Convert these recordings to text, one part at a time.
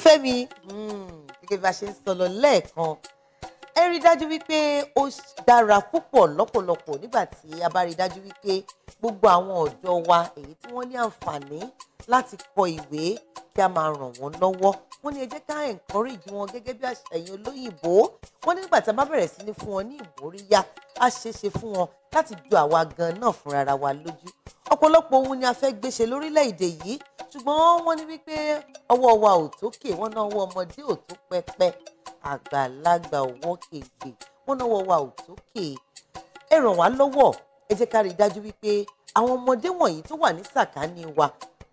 olólùfẹ́ mi hmm, gẹ́gẹ́ bí a ṣe ń sọ̀rọ̀ lẹ́ẹ̀kan ẹ rí dájú wípé ó dára púpọ̀ lọ́pọ̀lọpọ̀ nígbà tí a bá rí dájú wípé gbogbo àwọn ọ̀dọ́ wa èyí tí wọ́n ní àǹfààní láti kọ ìwé kí a máa ràn wọ́n lọ́wọ́ wọ́n ní ẹ jẹ́ ká encourage wọn gẹ́gẹ́ bí àṣàyàn olóyìnbó wọ́n nígbà tí a bá bẹ̀rẹ̀ sí ní fún wọn ní ìmóríyá á ṣeéṣe fún wọn láti ju àwa gan náà fúnra wa lójú ọ̀pọ̀lọpọ̀ ohun ni a fẹ́ gbéṣe lórílẹ̀‐èdè yìí ṣùgbọ́n wọ́n ní wípé ọwọ́ wa ò tókè wọ́n náà ọwọ́ ọmọdé ò tó pẹpẹ àgbàlagbà ọwọ́ kejì wọ́n náà ọwọ́ wa ò tókè ẹ ràn wá lọ́wọ́ ẹ jẹ́ ká rí i dájú wípé àwọn ọmọdé wọ̀nyí tó wà ní sàkání wa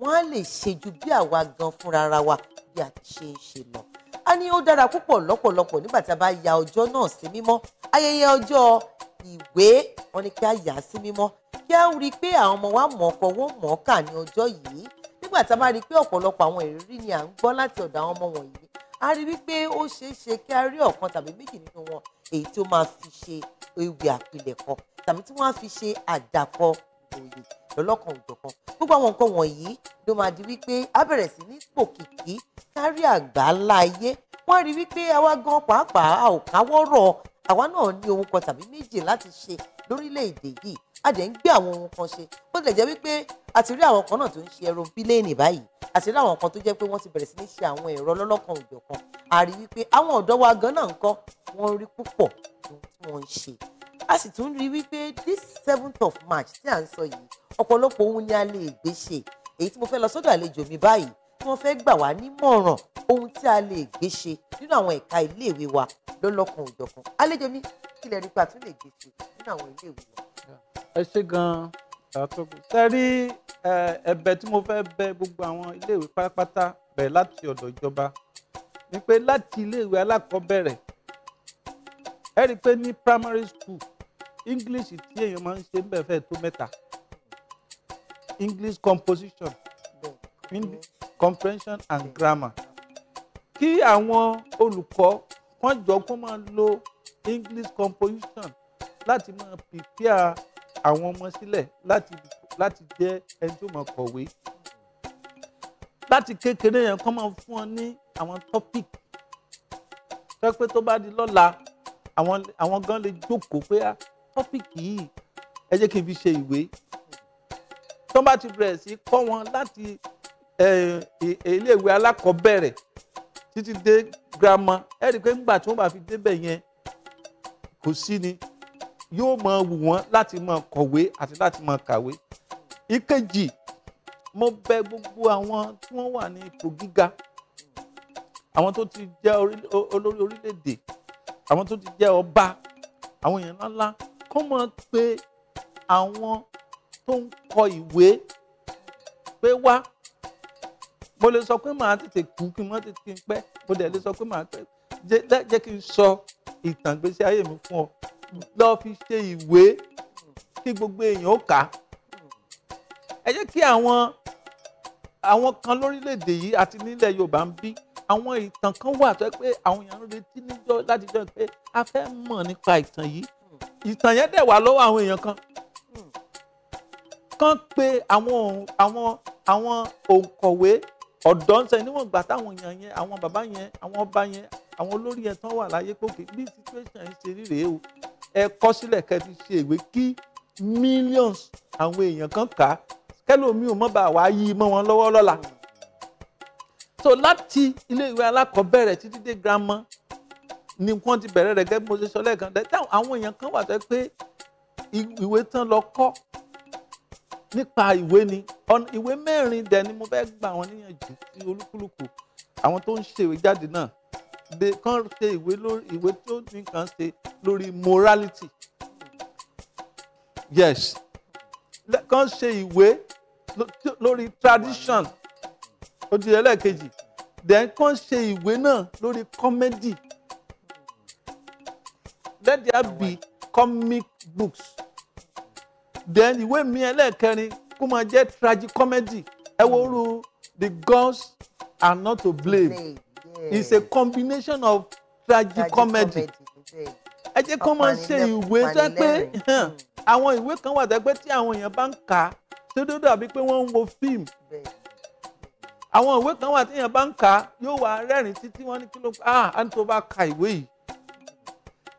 wọ́n á lè ṣe ju bí àwa gan fúnra wa bí a ti ṣe ń ṣe lọ a ní ó dára púpọ̀ lọ́pọ̀lọpọ̀ nígbà tá a bá ya ọjọ́ náà sí mímọ́ ayẹyẹ ọjọ́ ìwé wọ́n ní kí a yà á sí mímọ́ jẹ́ ń rí i pé àwọn ọmọ wa mọ̀ ọkọ̀ wọ́n mọ̀ ọ́ kà ní ọjọ́ yìí nígbà tá a bá rí i pé ọ̀pọ̀lọpọ̀ àwọn ìrírí ni à ń gbọ́ láti ọ̀dọ̀ àwọn ọmọ wọ̀nyí a rí wípé ó ṣeé ṣe kí a rí ọ̀kan tàbí méjì nínú wọn èyí tí ó máa fi ṣe ewì àpilẹ̀kọ tàbí tí wọ́n á fi ṣe àdàkọ òye lọ́lọ́kan òjọ̀kan gbogbo àwọn nǹkan wọ̀nyí ló máa di wípé a bẹ̀rẹ̀ sí ní pòkìkí kárí àgbáńlá ayé wọ́n á rí wípé àwa gan pàápàá a ò káwọ́rọ̀ àwa náà ní ohun kan tàbí méjì láti ṣe lórílẹ̀ yìí a dẹ̀ ń gbé àwọn ohun kan ṣe bó tilẹ̀ jẹ́ wípé a ti rí àwọn kan náà tó ń ṣe ẹ̀rọ bílíọ̀nì báyìí a ti rí àwọn kan tó jẹ́ pé wọ́n ti bẹ̀rẹ̀ sí ní ṣe àwọn ẹ̀rọ lọ́lọ́kan òjọ̀kan a rí wípé àwọn ọ̀dọ́ wa gan náà ń kọ́ wọ́n rí púpọ̀ tí wọ́n ń ṣe a sì tún rí wípé this seventh of March tí à ń sọ yìí ọ̀pọ̀lọpọ̀ ohun ni a lè gbé ṣe èyí tí mo fẹ́ lọ sọ́dọ̀ àlejò mi báyìí tí wọ́n fẹ́ gbà wá nímọ̀ràn ohun tí a lè gbé ṣe nínú àwọn ẹ̀ka iléèwé wa lọ́lọ́kan òjọ̀kan àlejò mi kí lẹ rí pé a tún lè gbé ṣe nínú àwọn iléèwé wa ẹ ṣe gan-an sẹ́rí ẹ̀bẹ̀ tí mo fẹ́ bẹ gbogbo àwọn iléèwé pátápátá bẹ̀ láti ọ̀dọ̀ ìjọba ni pé láti iléèwé alákọ̀ọ́bẹ̀rẹ̀ ẹ rí i pé ní primary school english tí èèyàn máa ń ṣe ń bẹ̀ fẹ́ tó mẹ́ta english composition english comprehension and grammar kí àwọn olùkọ́ wọ́n jọ kó máa lo english composition láti máa prepare àwọn ọmọ sílẹ̀ láti láti jẹ́ ẹni tó máa kọ̀wé láti kékeré yẹn kọ́ máa fún ọ ní àwọn topic tó pé tó bá di lọ́la àwọn àwọn gan lè jókòó pé ah, topic yìí ẹ jẹ́ kí n fi ṣe ìwé tó bá ti bẹ̀rẹ̀ sí kọ́ wọn láti iléèwé alákọ̀ọ́bẹ̀rẹ̀ títí dé girama ẹ rí i pé ńgbà tí wọ́n bá fi débẹ̀ yẹn kò sí ni yóò máa wù wọ́n láti máa kọ̀wé àti láti máa kàwé ìkejì mo bẹ̀ gbogbo àwọn tí wọ́n wà ní ipò gíga àwọn tó ti jẹ́ olórí orílẹ̀-èdè àwọn tó ti jẹ́ ọba àwọn èèyàn ńláńlá kó máa pe àwọn tó ń kọ ìwé pé wá mo lè sọ pé màá tètè kú kí n mọ́ tètè kí n pẹ́ mo dẹ̀ lè sọ pé màá pẹ́ jẹ́ kí n sọ ìtàn ìgbésí ayé mi fún ọ lọ fi ṣe ìwé kí gbogbo èèyàn ó kà á ẹ jẹ́ kí àwọn àwọn kan lórílẹ̀‐èdè yìí àti nílẹ̀ Yorùbá ń bí àwọn ìtàn kan wà tó pé àwọn èèyàn ń retí níjọ́ láti jọ pé a fẹ́ mọ̀ nípa ìtàn yìí ìtàn yẹn dẹ̀ wà lọ́wọ́ àwọn èèyàn kan kàn pé àwọn àwọn àwọn òǹkọ̀wé ọ̀dọ́ ń sẹ níwọ̀n gbà táwọn èèyàn yẹn àwọn bàbá yẹn àwọn ọba yẹn àwọn olórí yẹn tán wà láyé pé òkè bí situation yẹn ṣe rí rèé o ẹ kọ sílẹ̀ kẹ́ fi ṣe ìwé kí millions àwọn èèyàn kan kà á kẹ́lòmíì ò mọ̀ bá wàá yí mọ́ wọn lọ́wọ́ lọ́la. so láti ilé ìwé alákọ̀ọ́bẹ̀rẹ̀ títí dé girama ni wọ́n ti bẹ̀rẹ̀ rẹ̀ gẹ́gẹ́ bí mo ṣe sọ lẹ́ẹ̀kan táwọn àwọn èèyàn kan wà tó pé ìwé tán lọ kọ́ nípa ìwé ni ìwé mẹ́rin dẹ̀ ni mo fẹ́ gbà wọ́n níyànjú sí olúkúlùkù àwọn tó ń ṣèwé jáde náà de kán ṣe ìwé lórí ìwé tó ní kàn ṣe lórí morality yes kán ṣe ìwé lórí tradition ó di ẹlẹ́ẹ̀kejì then kán ṣe ìwé náà lórí comedy let there be comic books then ìwé mi ẹlẹ́ẹ̀kẹrin kó máa jẹ́ tragicomedy ẹ wo orú the gods are not to blame yeah. it's a combination of tragicomedy ẹ jẹ́ kó máa ṣe ìwé sẹ́ pé àwọn ìwé kan wà tẹ́gbẹ́ tí àwọn èèyàn bá ń kà á tó tó dàbí pé wọ́n ń wo fíìmù àwọn ìwé kan wà tí èèyàn bá ń kà á yóò wá rẹ́rìn títí wọ́n ní kí ló ah á ní tó bá ka ìwé yìí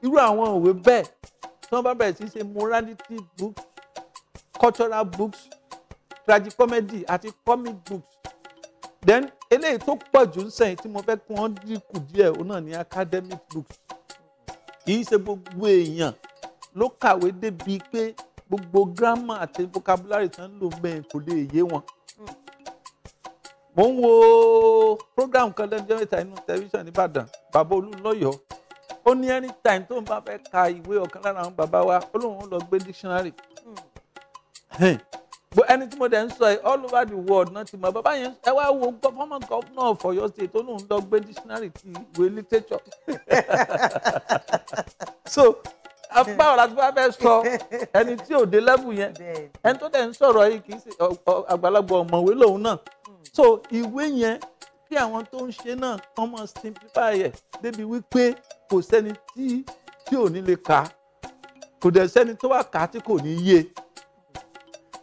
irú àwọn ìwé bẹ́ẹ̀ tí wọ́n bá bẹ̀rẹ̀ sí ṣe morality books cultural books tragicomedy àti comic books then eléyìí tó pọ̀ jù ń sẹ́yìn tí mo fẹ́ kí wọ́n dínkù díẹ̀ òun náà ní academic books kì í ṣe gbogbo èèyàn ló kàwé débi pé gbogbo grammar àti vocabulary tán lò mẹ́rin kò lè yé wọn. mo ń wo program kan lẹ́nu jẹ́ mẹ́ta inú tẹlifíṣàn nìbàdàn bàbá olúńlọ́yọ̀ ó ní anytime tó ń bá fẹ́ ka ìwé ọ̀kan lára àwọn bàbá wa ó lóun lọ gbé dictionary ẹni tí mo dẹ̀ ń sọ yìí all over the world náà ti mọ̀ bàbá yẹn ẹ wá wo former governor for your state tó lóun lọ gbé dictionary ti ìwé literature so apá ọ̀rọ̀ àti bá fẹ́ sọ ẹni tí ò dé lẹ́bù yẹn ẹni tó dẹ̀ ń sọ̀rọ̀ yìí kì í ṣe àgbàlagbà ọ̀mọ̀wé lòun náà hmm. so ìwé yẹn kí àwọn tó ń ṣe náà kàn mọ́ simplify ẹ̀ débi wípé kò sẹ́ni tí tí ò ní lè kà kò dẹ̀ sẹ́ni tó wà kà á tí kò ní yé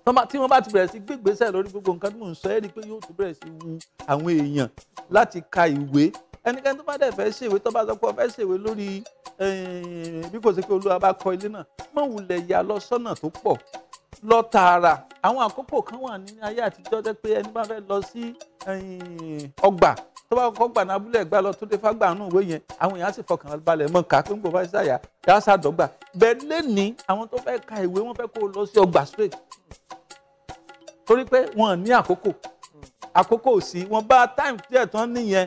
tí wọ́n bá ti bẹ̀rẹ̀ sí gbégbèsè lórí gbogbo nǹkan tí mò ń sọ ẹ́ rí i pé yóò tún bẹ̀rẹ̀ sí wu àwọn èèyàn láti ka ìwé ẹnikẹ́ni tó bá dẹ̀ fẹ́ ṣèwé tó bá sọ pé ó fẹ́ ṣèwé lórí eh, bí kò sí pé olúwa bá kọ́ ilé náà mọ̀ wulẹ̀ yà lọ sọ́nà tó pọ̀ lọ tààrà àwọn àkókò kan wà ní ayé àtijọ́ jẹ́ pé ẹni bá fẹ́ lọ sí eh, ọgbà tó bá kọ́ gbà nábúlé ẹ̀gbá lọ tó dé fágbà nù ìwé yẹn àwọn èèyàn á sì fọkàn balẹ̀ mọ́ ká pé ń bọ̀ bá ṣàyà yá sàdọ́gba bẹ́ẹ̀ lẹ́ni àwọn tó fẹ́ ka ìwé wọn fẹ́ kó lọ sí ọgbà straight torí pé wọn ní àkókò àkókò sí wọn bá time díẹ̀ tán nìyẹn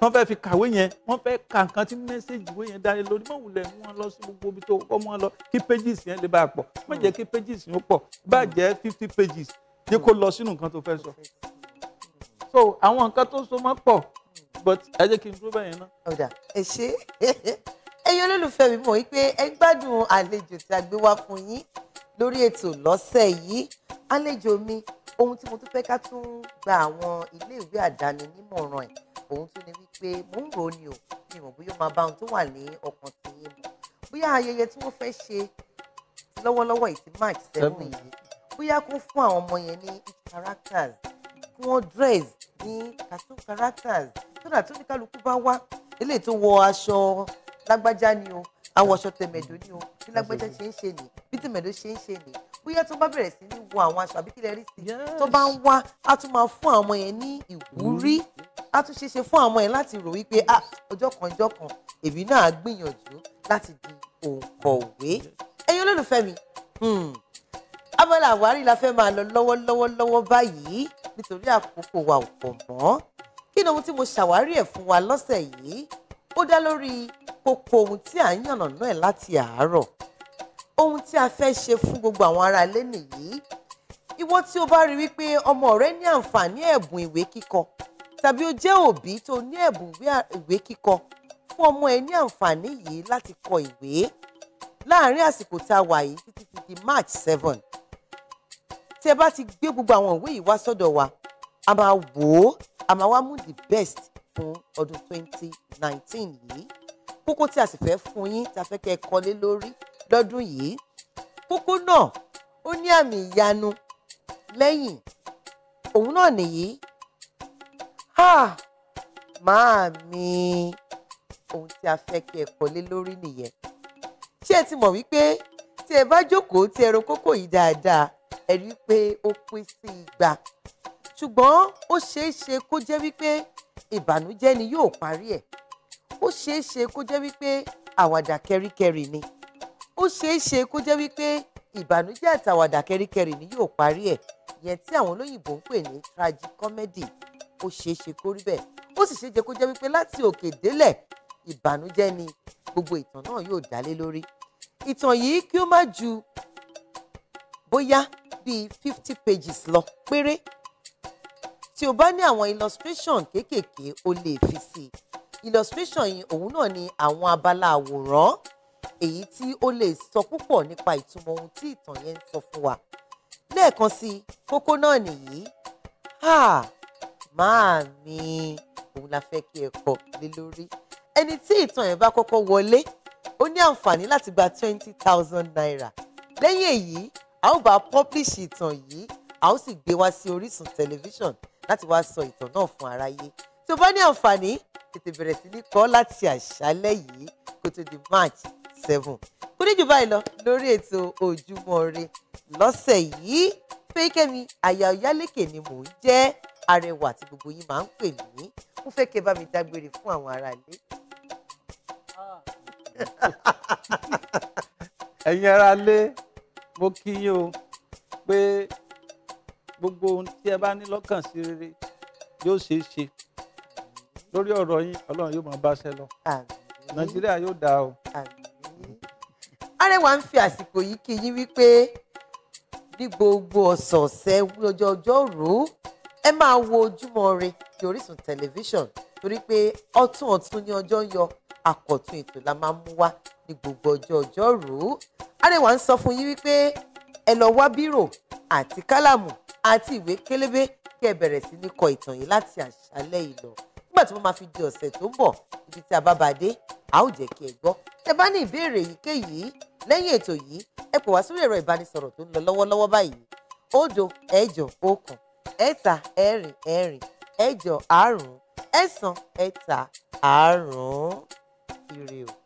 tán fẹ́ fi kàwé yẹn wọ́n fẹ́ ka nǹkan tí mẹ́sẹ̀gì ìwé yẹn dání lórí mọ̀ wulẹ̀ wọn lọ sí gbogbo ibi tó kọ́ wọn lọ kí pages yẹn lè bá a pọ̀ má jẹ́ kí pages yẹn pọ̀ bá jẹ́ fifty pages jẹ́ kó lọ sínú nǹkan tó fẹ́ sọ so àwọn nǹkan tó so mọ́ pọ̀ but ẹ jẹ́ kí n dúró bẹ́yẹn náà. ọ̀dà ẹ ṣe ẹ̀yin olólùfẹ́ mi mọ̀ wípé ẹ gbádùn àlejò tí a gbé wá fún yín lórí ètò lọ́sẹ̀ yìí àlejò mi ohun tí mo tún fẹ́ ká tún gba àwọn iléèwé àdáni nímọ̀ràn ẹ̀ òun tún ni wípé mò ń rò ó ni o mi ò bóyá máa bá ohun tó wà ní ọkàn tìyín mu bóyá ayẹyẹ tí wọ́n fẹ́ ṣe lọ́wọ́lọ́wọ́ ìtì march seven yìí bóyá kún fún àwọn ọmọ yẹn ní characters wọ́n dress ní cartoon characters so that tó ní kálukú bá wá eléyìí tó wọ aṣọ lágbájá ni o àwọn aṣọ tẹ̀mẹ̀dó ni o bí lágbájá ṣe ń ṣe ni bí tẹ̀mẹ̀dó ṣe ń ṣe ni bóyá tó bá bẹ̀rẹ̀ sí ní wo àwọn aṣọ àbí kílẹ̀ rí sí tó bá ń wá á tún máa fún àwọn yẹn ní ìwúrí á tún ṣeéṣe fún àwọn yẹn láti rò wípé ah ọjọ́ kan ọjọ́ kan èmi náà gbìyànjú láti di òǹkọ̀wé ẹ̀yin olólùfẹ́ mi hmm, abala àwárí la fẹ́ máa lọ lọ́wọ́lọ́wọ́ báyìí nítorí àkókò wa ò pọ̀ mọ́ kí ni ohun tí mo ṣàwárí ẹ̀ fún wa lọ́sẹ̀ yìí ó dá lórí kókó ohun tí à ń yànnà náà láti àárọ̀ ohun tí a fẹ́ ṣe fún gbogbo àwọn ará ilé nìyí ìwọ tí o bá rí wípé ọmọ rẹ ní àǹfààní ẹ̀bùn ìwé kíkọ tàbí o jẹ́ òbí tó ní ẹ̀bùn ìwé kíkọ fún ọmọ ẹ ní àǹfààní yìí láti kọ ìwé láàárín àsìkò tá a wà yìí títí di March seven tí ẹ bá ti gbé gbogbo àwọn ìwé yìí wá sọ́dọ̀ wa a máa wò ó a máa wá mú the best fún ọdún 2019 yìí kókó tí a sì fẹ́ fún yín tá a fẹ́ kẹ́ ẹ kọ́lé lórí lọ́dún yìí kókó náà ó ní àmì ìyanu lẹ́yìn òun náà nìyí ha máa mi ohun tí a fẹ́ kẹ́ ẹ kọ́lé lórí nìyẹn ṣé ẹ ti mọ̀ wípé tí ẹ bá jókòó tí ẹ ro kókó yìí dáadáa ẹ rí pé ó pín sí igba ṣùgbọ́n ó ṣeé ṣe kó jẹ́ wípé ìbànújẹ́ ni yóò parí ẹ̀ ó ṣeé ṣe kó jẹ́ wípé àwàdà kẹríkẹrì ni ó ṣeé ṣe kó jẹ́ wípé ìbànújẹ́ àtàwàdà kẹríkẹrì ni yóò parí ẹ̀ yẹn tí àwọn olóyìnbó ń pè ní tragicomedy ó ṣeé ṣe kó rí bẹ́ẹ̀ ó sì ṣeé ṣe kó jẹ́ wípé láti òkè délẹ̀ ìbànújẹ́ ni gbogbo ìtàn náà yóò dálé lórí ìtàn yìí kí ó má ju bóyá bíi fifty pages lọ péré tí o bá ní àwọn illustration kéékèèké o lè fi sí i illustration yìí òun náà ni àwọn abala àwòrán èyí tí ó lè sọ púpọ̀ nípa ìtumọ̀ ohun tí ìtàn yẹn ń sọ fún wa lẹ́ẹ̀kan sí i kókó náà nìyí ha máa mi òun la fẹ́ kí ẹ kọ́ lé lórí ẹni tí ìtàn yẹn bá kọ́kọ́ wọlé ó ní àǹfààní láti gba twenty thousand naira lẹ́yìn èyí a ó bá publish ìtàn yìí a ó sì gbé wá sí Orísun tẹlifíṣàn láti wá sọ ìtàn náà fún aráyé tí o bá ní àǹfààní tètè bẹ̀rẹ̀ sí ní kọ́ láti àṣálẹ́ yìí kó tó di March seven kó ní jù báyìí lọ lórí ètò Ojúmọ́ Ire lọ́sẹ̀ yìí Fẹ́yìkẹ́mi àyà Ọ̀yálékè ni mò ń jẹ́ arẹwà tí gbogbo yín máa ń pè mí mo fẹ́ kí bá mi dágbére fún àwọn aráalé. ẹ̀yin aráalé mo kí yín o pé gbogbo ohun tí ẹ bá ní lọ́kàn sí rere yóò ṣeé ṣe lórí ọ̀rọ̀ yín ọlọ́run yóò máa bá ṣe lọ nàìjíríà yóò dáa o. arẹwà ń fi àsìkò yìí kí yín wípé ní gbogbo ọ̀sọ̀ọ̀sẹ̀ ọjọ́ ọjọ́rú ẹ máa wo ojúmọ́ ire ti Orísun tẹlifíṣàn torí pé ọ̀tun ọ̀tun ní ọjọ́ yọ àkọ̀tun ètò la máa ń mú wá ní gbogbo ọjọ́ ọjọ́rú arẹwà ń sọ fún yín wípé ẹ lọ wá bírò àti kálámù àti ìwé kélébé kí ẹ bẹ̀rẹ̀ sí ní kọ ìtàn yìí láti àṣálẹ́ ìlọ nígbà tí wọ́n máa fi di ọ̀sẹ̀ tó ń bọ̀ ibi tí a bá bá a ó jẹ́ kí ẹ gbọ́ tẹ́ bá ní ìbéèrè èyíkéyìí lẹ́yìn ètò yìí ẹ pè wá sórí ẹ̀rọ ìbánisọ̀rọ̀ tó ń lọ lọ́wọ́lọ́wọ́ báyìí òdo ẹ̀jọ ọ̀kan ẹ̀ta ẹ̀rin ẹ̀rin ẹ̀jọ àrún ẹ̀sán ẹ̀ta àrún. to you.